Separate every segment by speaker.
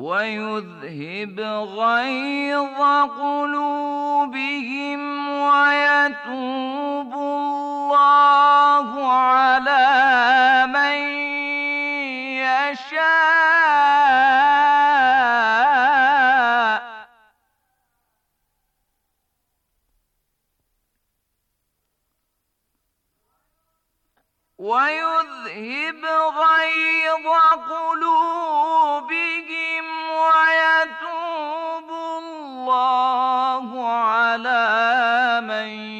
Speaker 1: ويذهب غيظ قلوبهم ويتوب الله على من يشاء ويذهب غيظ قلوبهم 们。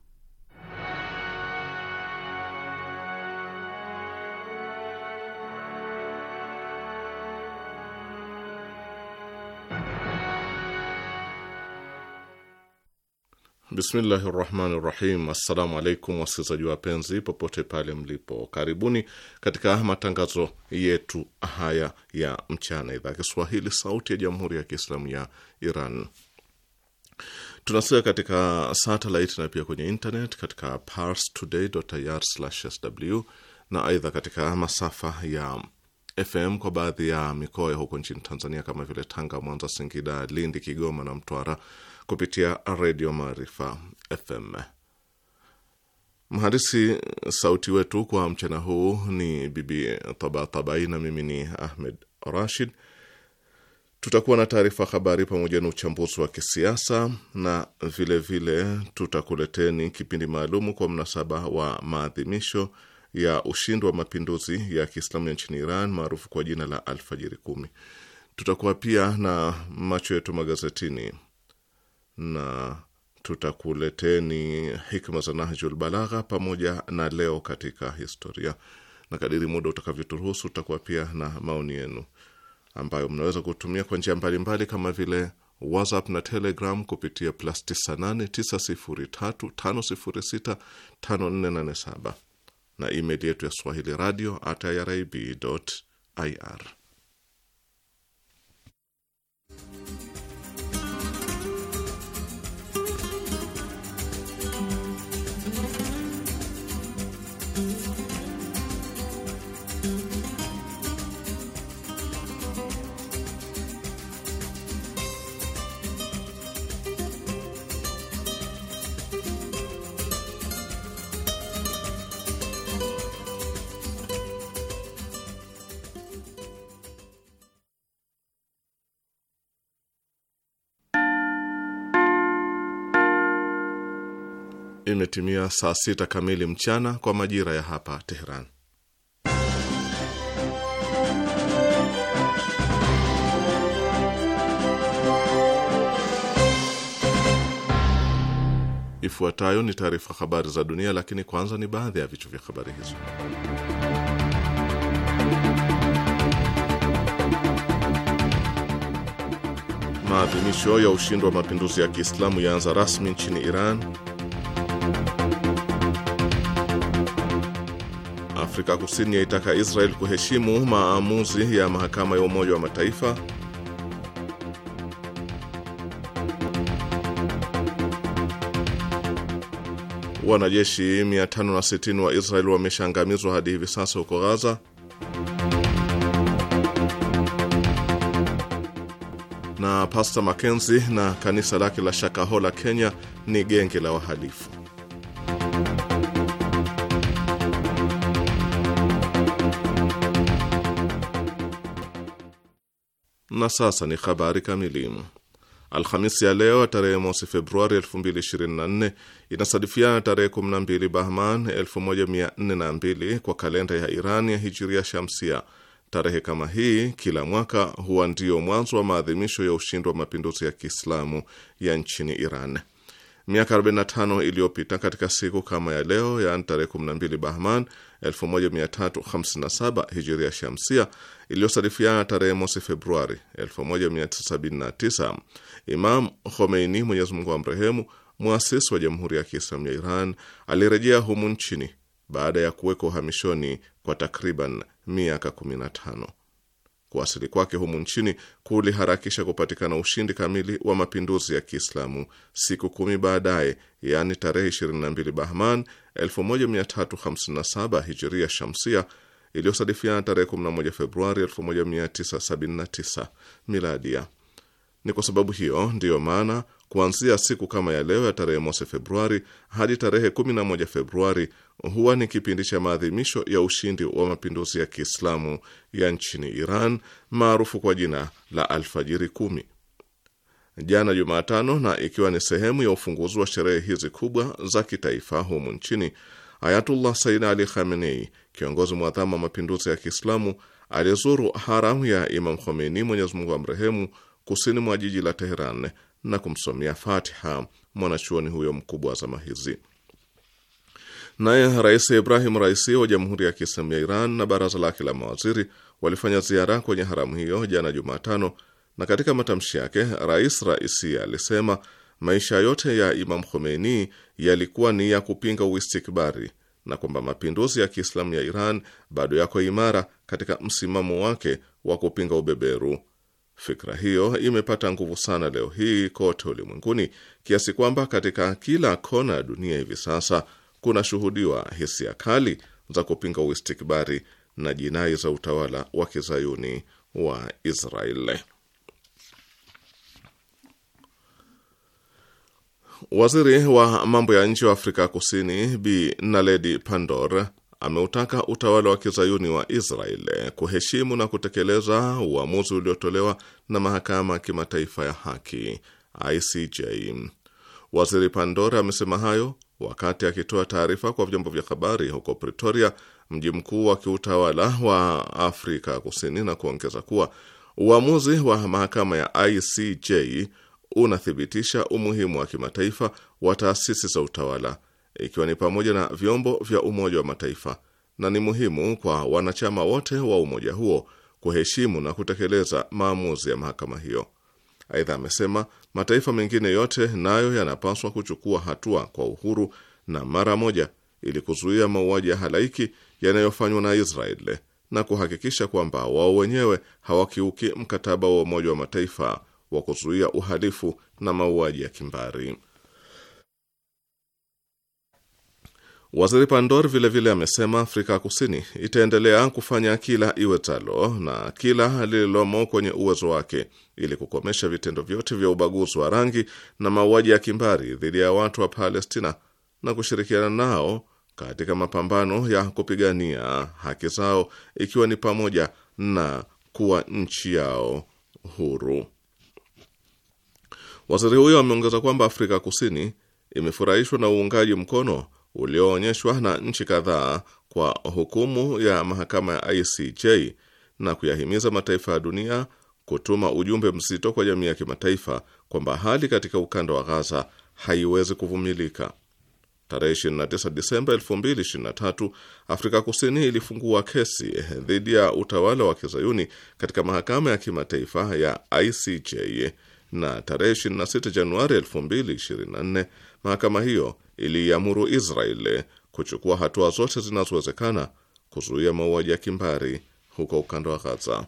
Speaker 2: Bismillahi rahmani rahim. Assalamu alaikum wasikilizaji wapenzi, popote pale mlipo, karibuni katika matangazo yetu haya ya mchana, idhaa Kiswahili sauti ya jamhuri ya Kiislamu ya Iran. tunasia katika satelit na pia kwenye internet katika parstoday.ir/sw na aidha katika masafa ya FM kwa baadhi ya mikoa ya huko nchini Tanzania kama vile Tanga, Mwanza, Singida, Lindi, Kigoma na Mtwara kupitia redio Maarifa FM. Mhandisi sauti wetu kwa mchana huu ni Bibi Tabatabai na mimi ni Ahmed Rashid. Tutakuwa na taarifa habari pamoja na uchambuzi wa kisiasa na vilevile tutakuleteni kipindi maalumu kwa mnasaba wa maadhimisho ya ushindi wa mapinduzi ya Kiislamu ya nchini Iran maarufu kwa jina la Alfajiri Kumi. Tutakuwa pia na macho yetu magazetini na tutakuleteni hikma za Nahjul Balagha pamoja na leo katika historia, na kadiri muda utakavyoturuhusu tutakuwa pia na maoni yenu ambayo mnaweza kutumia kwa njia mbalimbali kama vile WhatsApp na Telegram kupitia plus 989035065487 na email yetu ya swahili radio at irib ir imetimia saa sita kamili mchana kwa majira ya hapa Teheran. Ifuatayo ni taarifa habari za dunia, lakini kwanza ni baadhi ya vichwa vya habari hizo. Maadhimisho ya ushindi wa mapinduzi ya Kiislamu yaanza rasmi nchini Iran. Afrika Kusini yaitaka Israel kuheshimu maamuzi ya mahakama ya Umoja wa Mataifa. Wanajeshi 560 wa Israel wameshaangamizwa hadi hivi sasa huko Gaza. Na Pastor Mackenzie na kanisa lake la Shakahola, Kenya ni genge la wahalifu. Na sasa ni habari kamili. Alhamisi ya leo tarehe mosi Februari 2024 inasadifiana tarehe 12 Bahman 1402 kwa kalenda ya Iran ya hijiria shamsia. Tarehe kama hii kila mwaka huwa ndio mwanzo wa maadhimisho ya ushindi wa mapinduzi ya Kiislamu ya nchini Iran. Miaka 45 iliyopita katika siku kama ya leo, yaani tarehe 12 Bahman 1357 hijiria shamsia, iliyosarifiana tarehe mosi Februari 1979, Imam Khomeini, Mwenyezi Mungu amrehemu, mwasisi wa Jamhuri ya Kiislamu ya Iran, alirejea humu nchini baada ya kuwekwa uhamishoni kwa takriban miaka 15. Kuwasili kwake humu nchini kuliharakisha kupatikana ushindi kamili wa mapinduzi ya Kiislamu siku kumi baadaye, yaani tarehe 22 Bahman 1357 hijiria shamsia iliyosadifiana tarehe 11 Februari 1979 miladia. Ni kwa sababu hiyo ndiyo maana kuanzia siku kama ya leo ya tarehe mosi Februari hadi tarehe 11 Februari huwa ni kipindi cha maadhimisho ya ushindi wa mapinduzi ya Kiislamu ya nchini Iran maarufu kwa jina la Alfajiri Kumi. Jana Jumatano, na ikiwa ni sehemu ya ufunguzi wa sherehe hizi kubwa za kitaifa humu nchini, Ayatullah Sayyid Ali Khamenei kiongozi mwadhamu wa mapinduzi ya Kiislamu alizuru haramu ya Imam Khomeini, Mwenyezi Mungu amrehemu, kusini mwa jiji la Teheran na kumsomea Fatiha mwanachuoni huyo mkubwa wa zama hizi. Naye Rais Ibrahim Raisi wa Jamhuri ya Kiislamu ya Iran na baraza lake la mawaziri walifanya ziara kwenye haramu hiyo jana Jumatano, na katika matamshi yake Rais Raisi alisema maisha yote ya Imam Khomeini yalikuwa ni ya kupinga uistikbari na kwamba mapinduzi ya Kiislamu ya Iran bado yako imara katika msimamo wake wa kupinga ubeberu. Fikra hiyo imepata nguvu sana leo hii kote ulimwenguni kiasi kwamba katika kila kona ya dunia hivi sasa kunashuhudiwa hisia kali za kupinga uistikbari na jinai za utawala wa kizayuni wa Israeli. Waziri wa mambo ya nje wa Afrika Kusini Bi Naledi Pandor ameutaka utawala wa kizayuni wa Israel kuheshimu na kutekeleza uamuzi uliotolewa na mahakama ya kimataifa ya haki ICJ. Waziri Pandor amesema hayo wakati akitoa taarifa kwa vyombo vya habari huko Pretoria, mji mkuu wa kiutawala wa Afrika Kusini, na kuongeza kuwa uamuzi wa mahakama ya ICJ unathibitisha umuhimu wa kimataifa wa taasisi za utawala ikiwa ni pamoja na vyombo vya Umoja wa Mataifa, na ni muhimu kwa wanachama wote wa umoja huo kuheshimu na kutekeleza maamuzi ya mahakama hiyo. Aidha, amesema mataifa mengine yote nayo yanapaswa kuchukua hatua kwa uhuru na mara moja ili kuzuia mauaji ya halaiki yanayofanywa na Israeli na kuhakikisha kwamba wao wenyewe hawakiuki mkataba wa Umoja wa Mataifa wa kuzuia uhalifu na mauaji ya kimbari. Waziri Pandor vilevile vile amesema Afrika Kusini itaendelea kufanya kila iwezalo na kila lililomo kwenye uwezo wake ili kukomesha vitendo vyote vya ubaguzi wa rangi na mauaji ya kimbari dhidi ya watu wa Palestina na kushirikiana nao katika mapambano ya kupigania haki zao ikiwa ni pamoja na kuwa nchi yao huru. Waziri huyo ameongeza kwamba Afrika Kusini imefurahishwa na uungaji mkono ulioonyeshwa na nchi kadhaa kwa hukumu ya mahakama ya ICJ na kuyahimiza mataifa ya dunia kutuma ujumbe mzito kwa jamii ya kimataifa kwamba hali katika ukanda wa Gaza haiwezi kuvumilika. Tarehe 29 Disemba 2023, Afrika Kusini ilifungua kesi dhidi ya utawala wa kizayuni katika mahakama ya kimataifa ya ICJ na tarehe 26 Januari 2024 mahakama hiyo iliiamuru Israel kuchukua hatua zote zinazowezekana kuzuia mauaji ya kimbari huko ukanda wa Gaza.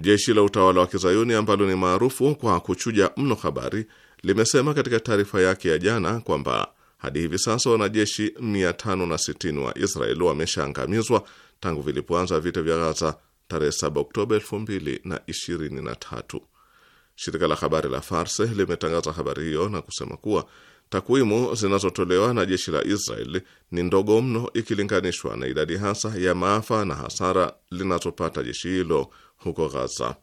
Speaker 2: Jeshi la utawala wa kizayuni ambalo ni maarufu kwa kuchuja mno habari limesema katika taarifa yake ya jana kwamba hadi hivi sasa wanajeshi 560 wa Israeli wameshaangamizwa tangu vilipoanza vita vya Gaza tarehe 7 Oktoba 2023. Shirika la habari la farse limetangaza habari hiyo na kusema kuwa takwimu zinazotolewa na jeshi la Israel ni ndogo mno ikilinganishwa na idadi hasa ya maafa na hasara linazopata jeshi hilo huko Gaza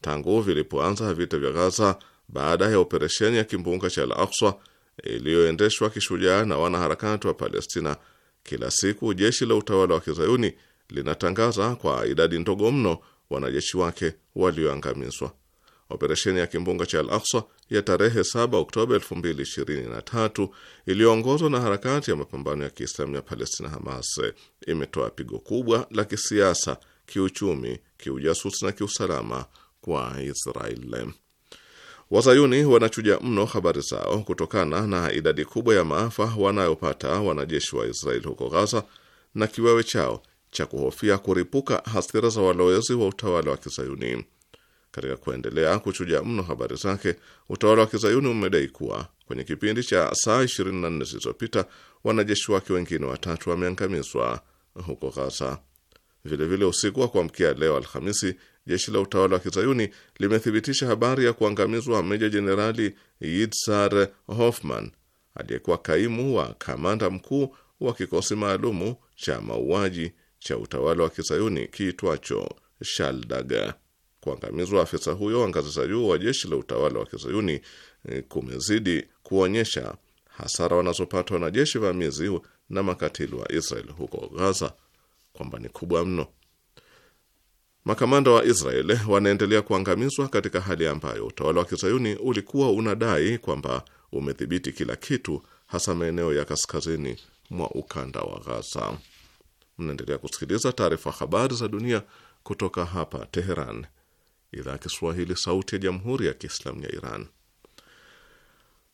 Speaker 2: tangu vilipoanza vita vya Gaza baada ya operesheni ya kimbunga cha Al-Aqsa iliyoendeshwa kishujaa na wanaharakati wa Palestina. Kila siku jeshi la utawala wa kizayuni linatangaza kwa idadi ndogo mno wanajeshi wake walioangamizwa. Operesheni ya kimbunga cha Al-Aqsa ya tarehe 7 Oktoba 2023 iliyoongozwa na harakati ya mapambano ya Kiislamu ya Palestina, Hamas, imetoa pigo kubwa la kisiasa, kiuchumi, kiujasusi na kiusalama kwa Israel. Wazayuni wanachuja mno habari zao kutokana na idadi kubwa ya maafa wanayopata wanajeshi wa Israel huko Gaza, na kiwewe chao cha kuhofia kuripuka hasira za walowezi wa utawala wa Kizayuni. Katika kuendelea kuchuja mno habari zake, utawala wa Kizayuni umedai kuwa kwenye kipindi cha saa 24 zilizopita wanajeshi wake wengine watatu wameangamizwa huko Gaza. Vilevile, usiku wa kuamkia leo Alhamisi, jeshi la utawala wa Kizayuni limethibitisha habari ya kuangamizwa meja jenerali Yitzhar Hoffman aliyekuwa kaimu wa kamanda mkuu wa kikosi maalumu cha mauaji cha utawala wa kizayuni kiitwacho Shaldaga. Kuangamizwa afisa huyo wa ngazi za juu wa jeshi la utawala wa kizayuni eh, kumezidi kuonyesha hasara wanazopata wanajeshi vamizi na makatili wa Israel huko Gaza kwamba ni kubwa mno. Makamanda wa Israel wanaendelea kuangamizwa katika hali ambayo utawala wa kizayuni ulikuwa unadai kwamba umedhibiti kila kitu, hasa maeneo ya kaskazini mwa ukanda wa Gaza. Mnaendelea kusikiliza taarifa habari za dunia kutoka hapa Teheran, idhaa ya Kiswahili, sauti ya jamhuri ya kiislamu ya Iran.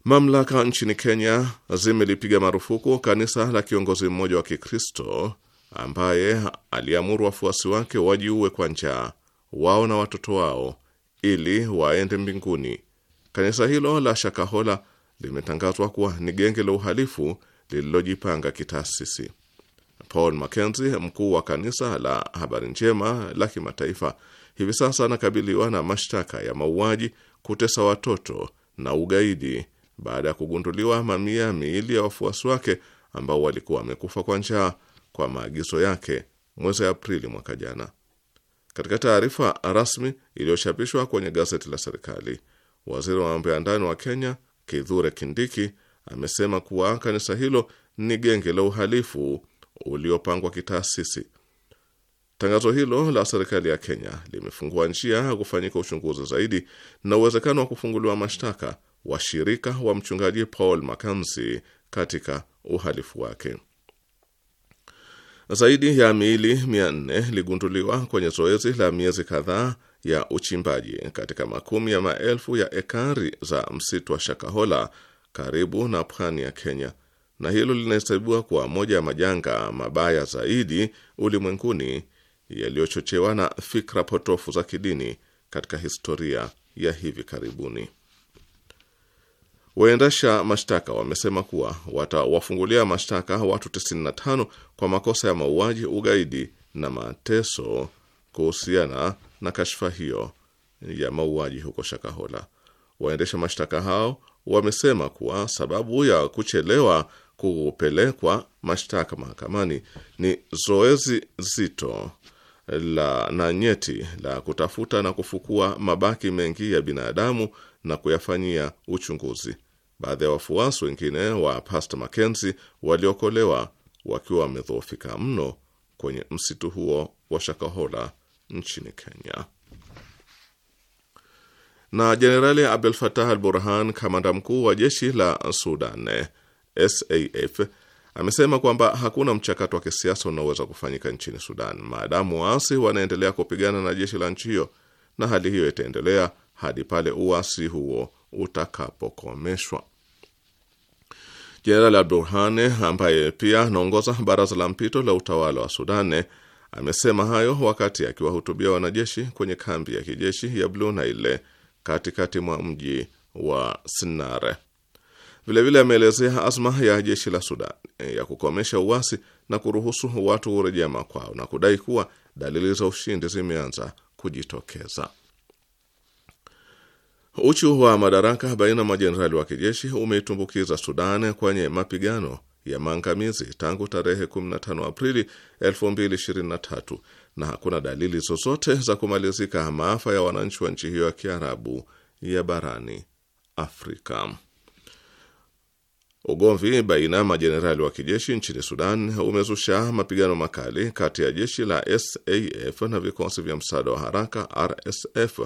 Speaker 2: Mamlaka nchini Kenya zimelipiga marufuku kanisa la kiongozi mmoja wa Kikristo ambaye aliamuru wafuasi wake wajiue kwa njaa wao na watoto wao ili waende mbinguni. Kanisa hilo la Shakahola limetangazwa kuwa ni genge la uhalifu lililojipanga kitaasisi. Paul Mackenzie, mkuu wa kanisa la Habari Njema la Kimataifa, hivi sasa anakabiliwa na mashtaka ya mauaji, kutesa watoto na ugaidi baada ya kugunduliwa mamia miili ya wafuasi wake ambao walikuwa wamekufa kwa njaa kwa maagizo yake mwezi Aprili mwaka jana. Katika taarifa rasmi iliyochapishwa kwenye gazeti la serikali, waziri wa mambo ya ndani wa Kenya Kithure Kindiki amesema kuwa kanisa hilo ni genge la uhalifu uliopangwa kitaasisi. Tangazo hilo la serikali ya Kenya limefungua njia ya kufanyika uchunguzi zaidi na uwezekano wa kufunguliwa mashtaka washirika wa mchungaji Paul Mackenzie katika uhalifu wake. Zaidi ya miili nne ligunduliwa kwenye zoezi la miezi kadhaa ya uchimbaji katika makumi ya maelfu ya ekari za msitu wa Shakahola karibu na pwani ya Kenya na hilo linahesabiwa kuwa moja ya majanga mabaya zaidi ulimwenguni yaliyochochewa na fikra potofu za kidini katika historia ya hivi karibuni. Waendesha mashtaka wamesema kuwa watawafungulia mashtaka watu 95 kwa makosa ya mauaji, ugaidi na mateso kuhusiana na kashfa hiyo ya mauaji huko Shakahola. Waendesha mashtaka hao wamesema kuwa sababu ya kuchelewa kupelekwa mashtaka mahakamani ni zoezi zito la na nyeti la kutafuta na kufukua mabaki mengi ya binadamu na kuyafanyia uchunguzi. Baadhi ya wafuasi wengine wa Pastor Mackenzie waliokolewa wakiwa wamedhoofika mno kwenye msitu huo wa Shakahola nchini Kenya. Na Jenerali Abdel Fattah al-Burhan, kamanda mkuu wa jeshi la Sudan, SAF amesema kwamba hakuna mchakato wa kisiasa unaoweza kufanyika nchini Sudan maadamu waasi wanaendelea kupigana na jeshi la nchi hiyo, na hali hiyo itaendelea hadi pale uasi huo utakapokomeshwa. Jenerali Abdurhane ambaye pia anaongoza baraza la mpito la utawala wa sudan amesema hayo wakati akiwahutubia wanajeshi kwenye kambi ya kijeshi ya Blue Nile katikati mwa mji wa Sinare. Vilevile ameelezea azma ya jeshi la Sudan e, ya kukomesha uasi na kuruhusu watu kurejea makwao na kudai kuwa dalili za ushindi zimeanza kujitokeza. Uchu wa madaraka baina majenerali wa kijeshi umeitumbukiza Sudan kwenye mapigano ya maangamizi tangu tarehe 15 Aprili 2023 na hakuna dalili zozote za kumalizika maafa ya wananchi wa nchi hiyo ya Kiarabu ya barani Afrika. Ugomvi baina majenerali wa kijeshi nchini Sudan umezusha mapigano makali kati ya jeshi la SAF na vikosi vya msaada wa haraka RSF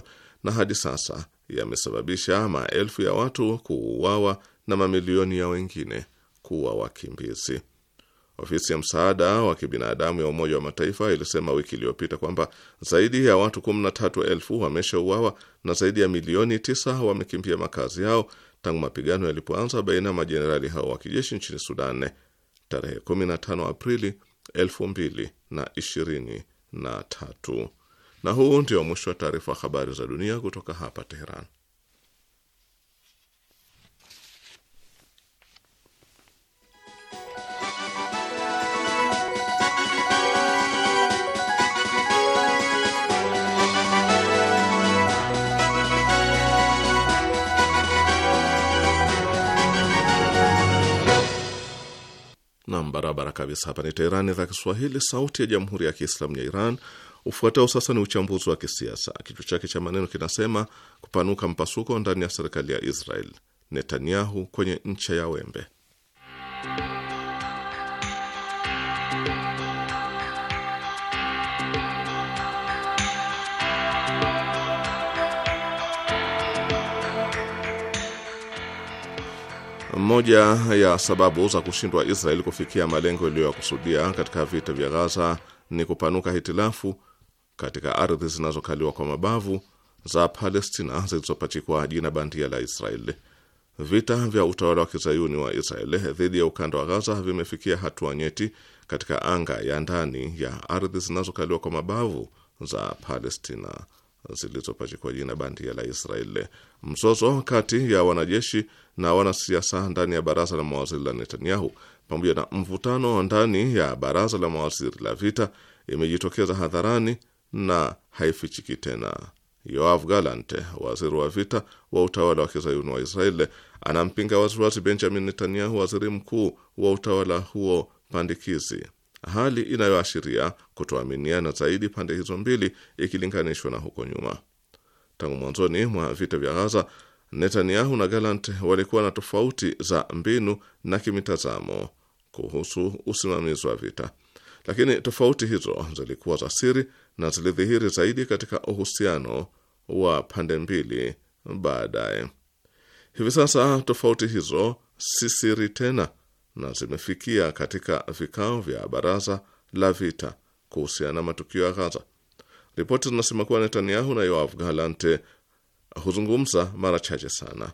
Speaker 2: na hadi sasa yamesababisha maelfu ya watu kuuawa na mamilioni ya wengine kuwa wakimbizi. Ofisi ya msaada wa kibinadamu ya Umoja wa Mataifa ilisema wiki iliyopita kwamba zaidi ya watu 13 wameshauawa na zaidi ya milioni 9 wamekimbia makazi yao tangu mapigano yalipoanza baina ya majenerali hao wa kijeshi nchini Sudan tarehe 15 Aprili 2023. Na huu ndio mwisho wa taarifa habari za dunia kutoka hapa Teheran. Nam, barabara kabisa. Hapa ni Teherani, idhaa Kiswahili, sauti ya jamhuri ya kiislamu ya Iran. Ufuatao sasa ni uchambuzi wa kisiasa, kichwa chake cha maneno kinasema kupanuka mpasuko ndani ya serikali ya Israel, Netanyahu kwenye ncha ya wembe. Moja ya sababu za kushindwa israel kufikia malengo iliyokusudia katika vita vya Gaza ni kupanuka hitilafu katika ardhi zinazokaliwa kwa mabavu za Palestina zilizopachikwa jina bandia la Israeli. Vita vya utawala wa kizayuni wa israel dhidi ya ukanda wa Gaza vimefikia hatua nyeti katika anga ya ndani ya ardhi zinazokaliwa kwa mabavu za Palestina zilizopachikwa jina bandia la Israeli. Mzozo kati ya wanajeshi na wanasiasa ndani ya baraza la mawaziri la Netanyahu pamoja na mvutano ndani ya baraza la mawaziri la vita imejitokeza hadharani na haifichiki tena. Yoav Gallant, waziri wa vita wa utawala wa kizayuni wa Israeli, anampinga waziwazi Benjamin Netanyahu, waziri mkuu wa utawala huo pandikizi hali inayoashiria kutoaminiana zaidi pande hizo mbili ikilinganishwa na huko nyuma. Tangu mwanzoni mwa vita vya Ghaza, Netanyahu na Gallant walikuwa na tofauti za mbinu na kimitazamo kuhusu usimamizi wa vita, lakini tofauti hizo zilikuwa za siri na zilidhihiri zaidi katika uhusiano wa pande mbili baadaye. Hivi sasa tofauti hizo si siri tena na zimefikia katika vikao vya baraza la vita kuhusiana na matukio ya Ghaza. Ripoti zinasema kuwa Netanyahu na Yoav Galante huzungumza mara chache sana.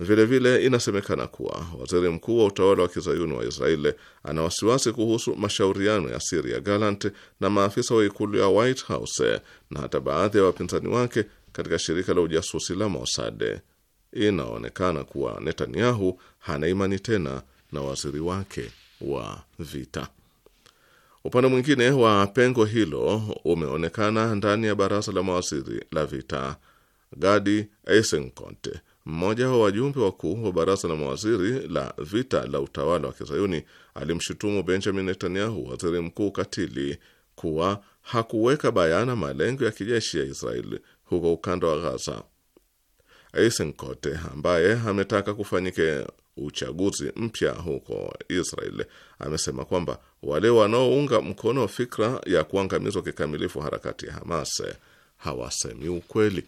Speaker 2: Vilevile inasemekana kuwa waziri mkuu wa utawala wa kizayuni wa Israeli ana wasiwasi kuhusu mashauriano ya siri ya Gallant na maafisa wa ikulu ya White House na hata baadhi ya wapinzani wake katika shirika la ujasusi la Mossad. Inaonekana kuwa Netanyahu hana imani tena na waziri wake wa vita. Upande mwingine wa pengo hilo umeonekana ndani ya baraza la mawaziri la vita. Gadi Eisenkot, mmoja wa wajumbe wakuu wa baraza la mawaziri la vita la utawala wa Kizayuni, alimshutumu Benjamin Netanyahu, waziri mkuu katili, kuwa hakuweka bayana malengo ya kijeshi ya Israeli huko ukanda wa Ghaza. Eisenkot ambaye ametaka kufanyike uchaguzi mpya huko Israel. Amesema kwamba wale wanaounga mkono fikra ya kuangamizwa kikamilifu harakati ya Hamas hawasemi ukweli.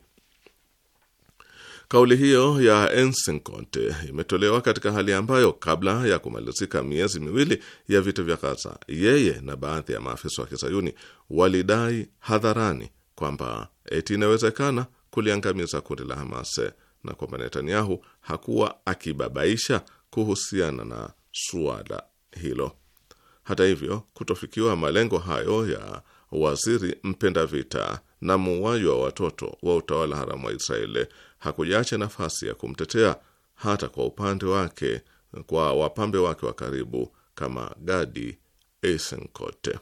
Speaker 2: Kauli hiyo ya Ensincont imetolewa katika hali ambayo kabla ya kumalizika miezi miwili ya vita vya Gaza, yeye na baadhi ya maafisa wa kizayuni walidai hadharani kwamba eti inawezekana kuliangamiza kundi la Hamas na kwamba Netanyahu hakuwa akibabaisha kuhusiana na suala hilo. Hata hivyo, kutofikiwa malengo hayo ya waziri mpenda vita na muuaji wa watoto wa utawala haramu wa Israeli hakujaacha nafasi ya kumtetea hata kwa upande wake kwa wapambe wake wa karibu kama Gadi Eisenkot.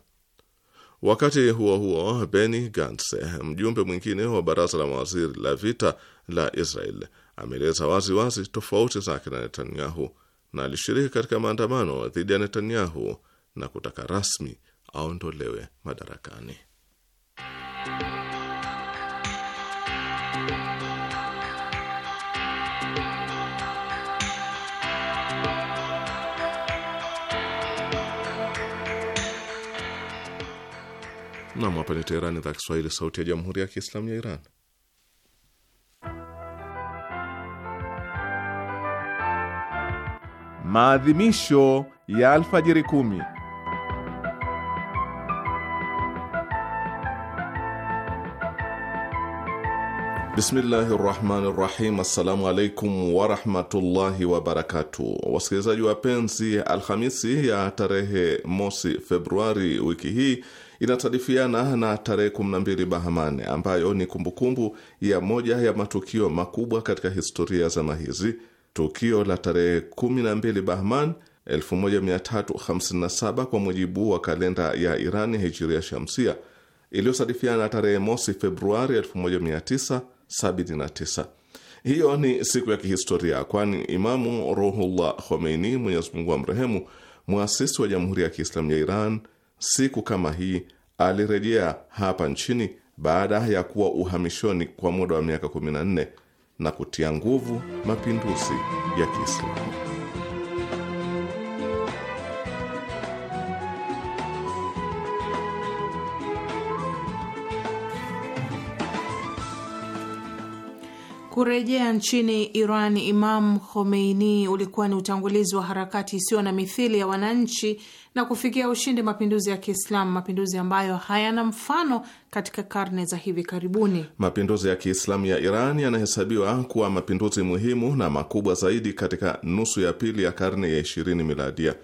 Speaker 2: Wakati huo huo, Benny Gantz, mjumbe mwingine wa baraza la mawaziri la vita la Israel, ameeleza wazi wazi tofauti zake na Netanyahu na alishiriki katika maandamano dhidi ya Netanyahu na kutaka rasmi aondolewe madarakani. Nam, hapa ni Teherani, idhaa Kiswahili, sauti ya jamhuri ya kiislamu ya Iran. Maadhimisho ya alfajiri kumi. Bismillahi rahmani rahim. Assalamu alaikum warahmatullahi wabarakatu. Wasikilizaji wapenzi, Alhamisi ya tarehe mosi Februari wiki hii inasadifiana na tarehe 12 Bahamane, ambayo ni kumbukumbu ya moja ya matukio makubwa katika historia za zama hizi, tukio la tarehe 12 Bahman 1357 kwa mujibu wa kalenda ya Irani hijiria shamsia iliyosadifiana na tarehe mosi Februari 1979. Hiyo ni siku ya kihistoria, kwani Imamu Ruhullah Khomeini, Mwenyezi Mungu amrehemu, mwasisi wa Jamhuri ya Kiislamu ya Iran Siku kama hii alirejea hapa nchini baada ya kuwa uhamishoni kwa muda wa miaka 14 na kutia nguvu mapinduzi ya Kiislamu.
Speaker 3: Kurejea nchini Iran Imam Khomeini ulikuwa ni utangulizi wa harakati isiyo na mithili ya wananchi na kufikia ushindi mapinduzi ya Kiislamu, mapinduzi ambayo hayana mfano katika karne za hivi karibuni.
Speaker 2: Mapinduzi ya Kiislamu ya Iran yanahesabiwa kuwa mapinduzi muhimu na makubwa zaidi katika nusu ya pili ya karne ya ishirini miladia.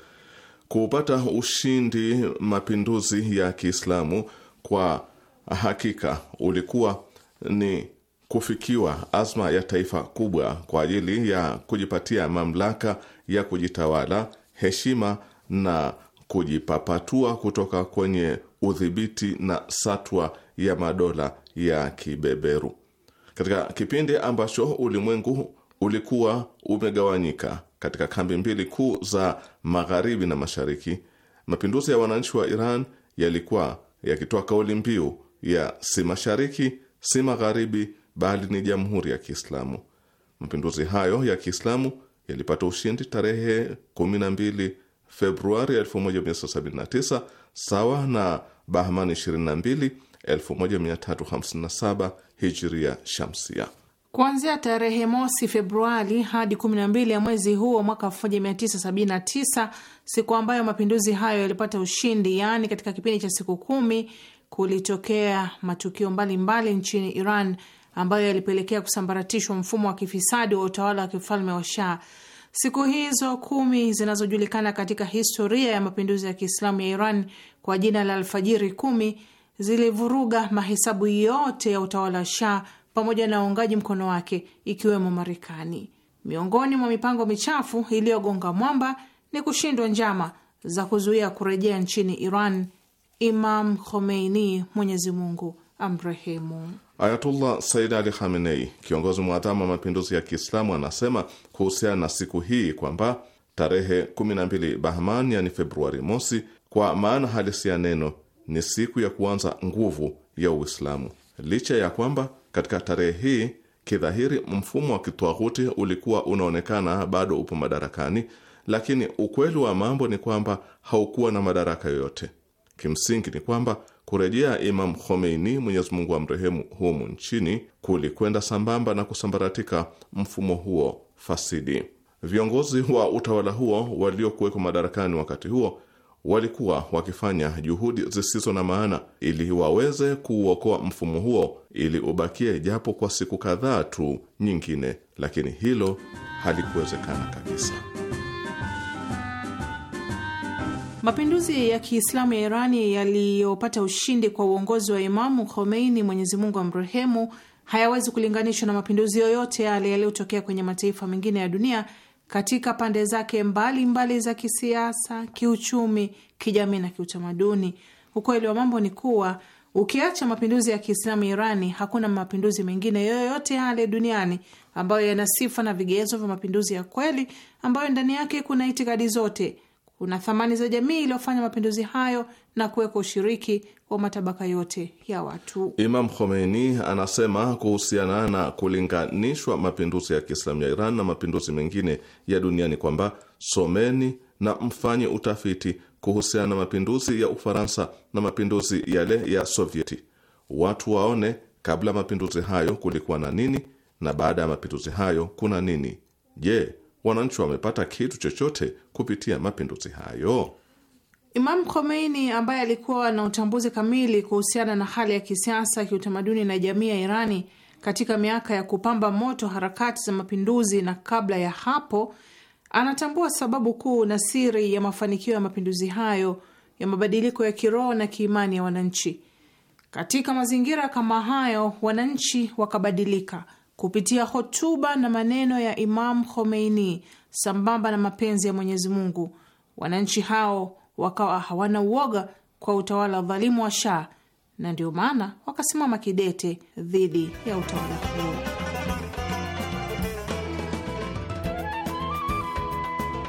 Speaker 2: kupata ushindi mapinduzi ya Kiislamu kwa hakika ulikuwa ni kufikiwa azma ya taifa kubwa kwa ajili ya kujipatia mamlaka ya kujitawala, heshima na kujipapatua kutoka kwenye udhibiti na satwa ya madola ya kibeberu. Katika kipindi ambacho ulimwengu ulikuwa umegawanyika katika kambi mbili kuu za magharibi na mashariki, mapinduzi ya wananchi wa Iran yalikuwa yakitoa kauli mbiu ya si mashariki si magharibi, bali ni jamhuri ya Kiislamu. Mapinduzi hayo ya Kiislamu yalipata ushindi tarehe kumi na mbili Februari 1979 sawa na Bahmani 22 1357 Hijria Shamsia.
Speaker 3: Kuanzia tarehe mosi Februari hadi 12 ya mwezi huo mwaka 1979, siku ambayo mapinduzi hayo yalipata ushindi, yaani katika kipindi cha siku kumi kulitokea matukio mbalimbali mbali nchini Iran ambayo yalipelekea kusambaratishwa mfumo wa kifisadi wa utawala wa kifalme wa Shah. Siku hizo kumi zinazojulikana katika historia ya mapinduzi ya Kiislamu ya Iran kwa jina la Alfajiri kumi zilivuruga mahesabu yote ya utawala wa Shah pamoja na waungaji mkono wake ikiwemo Marekani. Miongoni mwa mipango michafu iliyogonga mwamba ni kushindwa njama za kuzuia kurejea nchini Iran Imam Khomeini, Mwenyezi Mungu amrehemu.
Speaker 2: Ayatullah Said Ali Khamenei, kiongozi mwadhamu wa mapinduzi ya Kiislamu, anasema kuhusiana na siku hii kwamba tarehe 12 Bahman, yani Februari mosi, kwa maana halisi ya neno ni siku ya kuanza nguvu ya Uislamu, licha ya kwamba katika tarehe hii kidhahiri mfumo wa kitwaghuti ulikuwa unaonekana bado upo madarakani, lakini ukweli wa mambo ni kwamba haukuwa na madaraka yoyote. Kimsingi ni kwamba kurejea Imam Khomeini, Mwenyezi Mungu amrehemu, humu nchini kulikwenda sambamba na kusambaratika mfumo huo fasidi. Viongozi wa utawala huo waliokuwekwa madarakani wakati huo walikuwa wakifanya juhudi zisizo na maana ili waweze kuuokoa mfumo huo ili ubakie japo kwa siku kadhaa tu nyingine, lakini hilo halikuwezekana kabisa.
Speaker 3: Mapinduzi ya Kiislamu ya Irani yaliyopata ushindi kwa uongozi wa Imamu Khomeini, Mwenyezi Mungu amrehemu, hayawezi kulinganishwa na mapinduzi yoyote yale yaliyotokea kwenye mataifa mengine ya dunia katika pande zake mbalimbali mbali za kisiasa, kiuchumi, kijamii na kiutamaduni. Ukweli wa mambo ni kuwa ukiacha mapinduzi ya Kiislamu Irani, hakuna mapinduzi mengine yoyote yale duniani ambayo yana sifa na vigezo vya mapinduzi ya kweli, ambayo ndani yake kuna itikadi zote kuna thamani za jamii iliyofanya mapinduzi hayo na kuweka ushiriki wa matabaka yote ya watu.
Speaker 2: Imam Khomeini anasema kuhusiana na kulinganishwa mapinduzi ya Kiislamu ya Iran na mapinduzi mengine ya duniani kwamba someni na mfanye utafiti kuhusiana na mapinduzi ya Ufaransa na mapinduzi yale ya Sovieti, watu waone kabla mapinduzi hayo kulikuwa na nini na baada ya mapinduzi hayo kuna nini. Je, wananchi wamepata kitu chochote kupitia mapinduzi hayo?
Speaker 3: Imam Khomeini ambaye alikuwa na utambuzi kamili kuhusiana na hali ya kisiasa, kiutamaduni na jamii ya Irani katika miaka ya kupamba moto harakati za mapinduzi na kabla ya hapo, anatambua sababu kuu na siri ya mafanikio ya mapinduzi hayo ya mabadiliko ya kiroho na kiimani ya wananchi. Katika mazingira kama hayo, wananchi wakabadilika kupitia hotuba na maneno ya Imam Khomeini sambamba na mapenzi ya Mwenyezi Mungu, wananchi hao wakawa hawana uoga kwa utawala dhalimu wa Shah na ndio maana wakasimama kidete dhidi ya utawala huo.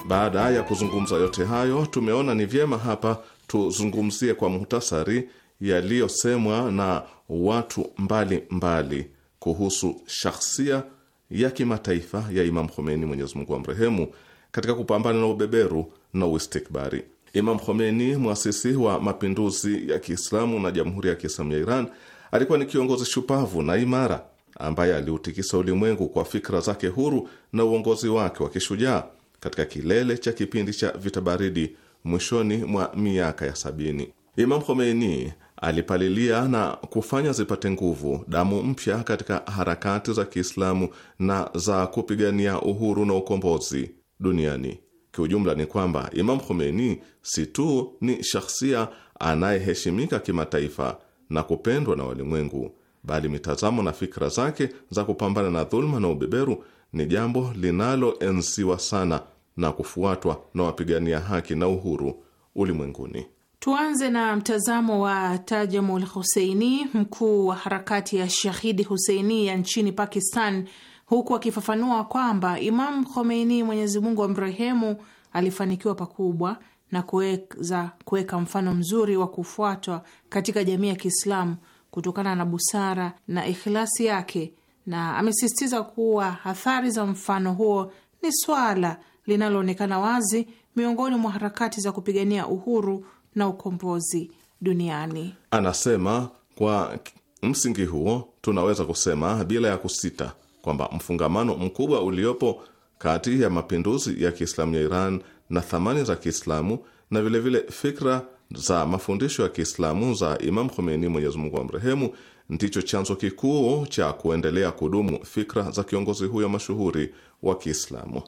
Speaker 2: Baada ya kuzungumza yote hayo, tumeona ni vyema hapa tuzungumzie kwa muhtasari yaliyosemwa na watu mbalimbali mbali kuhusu shakhsia ya kimataifa ya Imam Khomeini, Mwenyezi Mungu amrehemu, katika kupambana na ubeberu na uistikbari. Imam Khomeini, mwasisi wa mapinduzi ya Kiislamu na Jamhuri ya Kiislamu ya Iran, alikuwa ni kiongozi shupavu na imara ambaye aliutikisa ulimwengu kwa fikra zake huru na uongozi wake wa kishujaa katika kilele cha kipindi cha vita baridi mwishoni mwa miaka ya sabini. Imam Khomeini alipalilia na kufanya zipate nguvu damu mpya katika harakati za Kiislamu na za kupigania uhuru na ukombozi duniani. Kiujumla ni kwamba Imam Khomeini si tu ni shakhsia anayeheshimika kimataifa na kupendwa na walimwengu, bali mitazamo na fikra zake za kupambana na dhuluma na ubeberu ni jambo linaloenziwa sana na kufuatwa na wapigania haki na uhuru ulimwenguni.
Speaker 3: Tuanze na mtazamo wa Tajamul Huseini, mkuu wa harakati ya Shahidi Huseini ya nchini Pakistan, huku akifafanua kwamba Imam Khomeini, Mwenyezi Mungu amrehemu, alifanikiwa pakubwa na kuweza kuweka mfano mzuri wa kufuatwa katika jamii ya Kiislamu kutokana na busara na ikhlasi yake, na amesisitiza kuwa athari za mfano huo ni swala linaloonekana wazi miongoni mwa harakati za kupigania uhuru na ukombozi duniani.
Speaker 2: Anasema kwa msingi huo tunaweza kusema bila ya kusita kwamba mfungamano mkubwa uliopo kati ya mapinduzi ya Kiislamu ya Iran na thamani za Kiislamu na vilevile vile fikra za mafundisho ya Kiislamu za Imam Khomeini, Mwenyezi Mungu amrehemu, ndicho chanzo kikuu cha kuendelea kudumu fikra za kiongozi huyo mashuhuri wa Kiislamu.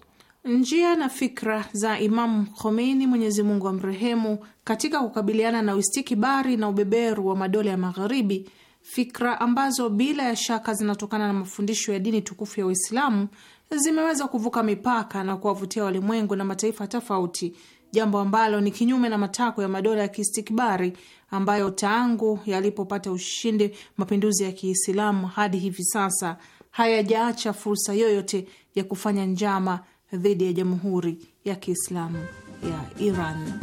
Speaker 3: Njia na fikra za Imamu Khomeini, Mwenyezi Mungu amrehemu, katika kukabiliana na uistikibari na ubeberu wa madola ya Magharibi, fikra ambazo bila ya shaka zinatokana na mafundisho ya dini tukufu ya Uislamu zimeweza kuvuka mipaka na kuwavutia walimwengu na mataifa tofauti, jambo ambalo ni kinyume na matakwa ya madola ya kiistikibari ambayo tangu yalipopata ushindi mapinduzi ya Kiislamu hadi hivi sasa hayajaacha fursa yoyote ya kufanya njama dhidi ya Jamhuri ya Kiislamu ya Iran.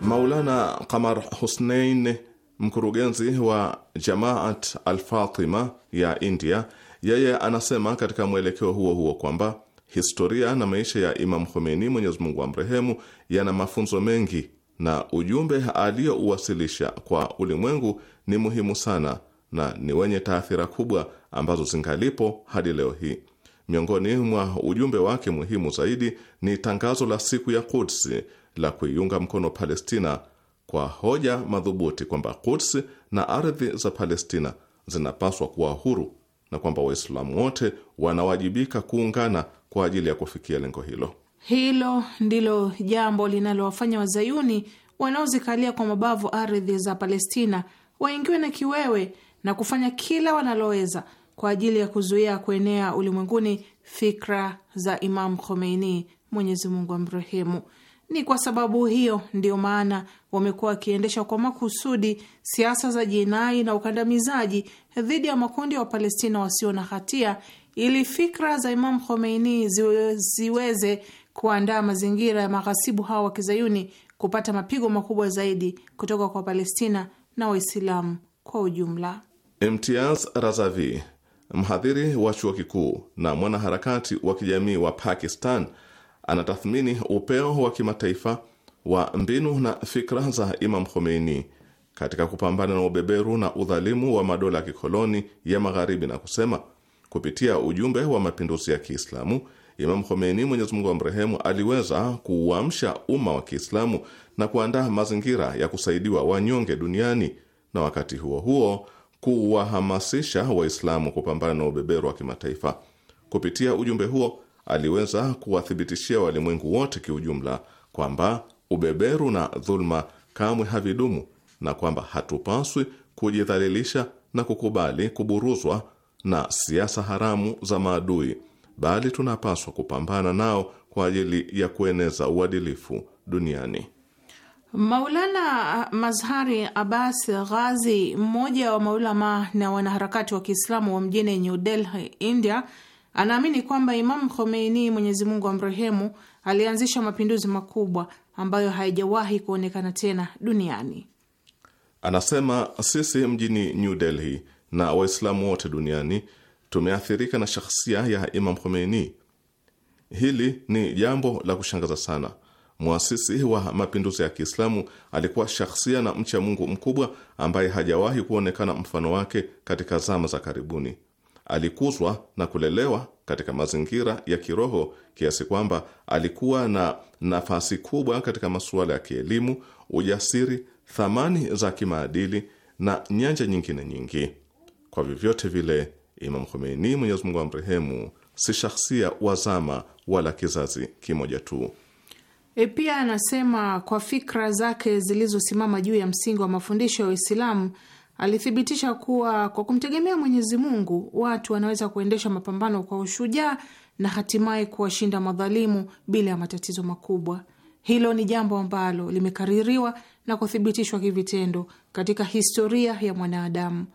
Speaker 2: Maulana Qamar Husnein, mkurugenzi wa Jamaat Alfatima ya India, yeye anasema katika mwelekeo huo huo kwamba historia na maisha ya Imam Khomeini, Mwenyezi Mungu amrehemu, yana mafunzo mengi na ujumbe aliyouwasilisha kwa ulimwengu ni muhimu sana na ni wenye taathira kubwa ambazo zingalipo hadi leo hii. Miongoni mwa ujumbe wake muhimu zaidi ni tangazo la siku ya Quds la kuiunga mkono Palestina kwa hoja madhubuti kwamba Quds na ardhi za Palestina zinapaswa kuwa huru na kwamba Waislamu wote wanawajibika kuungana kwa ajili ya kufikia lengo hilo.
Speaker 3: Hilo ndilo jambo linalowafanya wazayuni wanaozikalia kwa mabavu ardhi za Palestina waingiwe na kiwewe na kufanya kila wanaloweza kwa ajili ya kuzuia kuenea ulimwenguni fikra za Imam Khomeini, Mwenyezi Mungu amrehemu. Ni kwa sababu hiyo ndiyo maana wamekuwa wakiendesha kwa makusudi siasa za jinai na ukandamizaji dhidi ya makundi ya wa Wapalestina wasio na hatia ili fikra za Imam Khomeini ziweze kuandaa mazingira ya maghasibu hao wa kizayuni kupata mapigo makubwa zaidi kutoka kwa Palestina na Waislamu kwa ujumla.
Speaker 2: Imtiaz Razavi, mhadhiri wa chuo kikuu na mwanaharakati wa kijamii wa Pakistan, anatathmini upeo wa kimataifa wa mbinu na fikra za Imam Khomeini katika kupambana na ubeberu na udhalimu wa madola ya kikoloni ya Magharibi na kusema, kupitia ujumbe wa mapinduzi ya Kiislamu Imam Khomeini, Mwenyezi Mungu amrehemu, aliweza kuuamsha umma wa Kiislamu na kuandaa mazingira ya kusaidiwa wanyonge duniani na wakati huo huo kuwahamasisha Waislamu kupambana na ubeberu wa kimataifa. Kupitia ujumbe huo aliweza kuwathibitishia walimwengu wote kiujumla kwamba ubeberu na dhuluma kamwe havidumu na kwamba hatupaswi kujidhalilisha na kukubali kuburuzwa na siasa haramu za maadui bali tunapaswa kupambana nao kwa ajili ya kueneza uadilifu duniani.
Speaker 3: Maulana Mazhari Abbas Ghazi, mmoja wa maulama na wanaharakati wa Kiislamu wa mjini New Delhi, India, anaamini kwamba Imam Khomeini, Mwenyezi Mungu amrehemu, alianzisha mapinduzi makubwa ambayo haijawahi kuonekana tena duniani.
Speaker 2: Anasema sisi mjini New Delhi na Waislamu wote duniani tumeathirika na shakhsia ya Imam Khomeini. Hili ni jambo la kushangaza sana. Mwasisi wa mapinduzi ya Kiislamu alikuwa shakhsia na mcha Mungu mkubwa ambaye hajawahi kuonekana mfano wake katika zama za karibuni. Alikuzwa na kulelewa katika mazingira ya kiroho kiasi kwamba alikuwa na nafasi kubwa katika masuala ya kielimu, ujasiri, thamani za kimaadili na nyanja nyingine nyingi. Kwa vyovyote vile Imam Khomeini, Mwenyezi Mungu amrehemu, si shahsia wazama wala kizazi kimoja tu.
Speaker 3: E, pia anasema kwa fikra zake zilizosimama juu ya msingi wa mafundisho ya Uislamu alithibitisha kuwa kwa kumtegemea Mwenyezi Mungu watu wanaweza kuendesha mapambano kwa ushujaa na hatimaye kuwashinda madhalimu bila ya matatizo makubwa. Hilo ni jambo ambalo limekaririwa na kuthibitishwa kivitendo katika historia ya mwanadamu.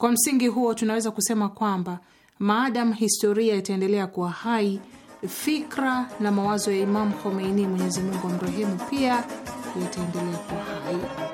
Speaker 3: Kwa msingi huo tunaweza kusema kwamba maadamu historia itaendelea kuwa hai, fikra na mawazo ya Imamu Khomeini, Mwenyezi Mungu amrehemu, pia yataendelea kuwa hai.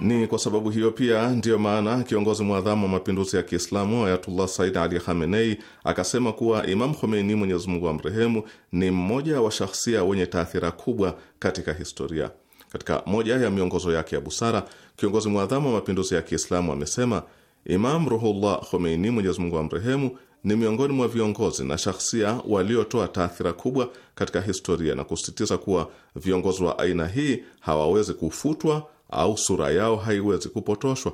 Speaker 2: Ni kwa sababu hiyo pia ndiyo maana kiongozi mwadhamu wa mapinduzi ya Kiislamu Ayatullah Said Ali Khamenei akasema kuwa Imam Khomeini, Mwenyezi Mungu mrehemu, ni mmoja wa shahsia wenye taathira kubwa katika historia. Katika moja ya miongozo yake ya busara, kiongozi mwadhamu wa mapinduzi ya Kiislamu amesema Imam Ruhullah Khomeini, Mwenyezi Mungu mrehemu, ni miongoni mwa viongozi na shahsia waliotoa taathira kubwa katika historia na kusisitiza kuwa viongozi wa aina hii hawawezi kufutwa au sura yao haiwezi kupotoshwa.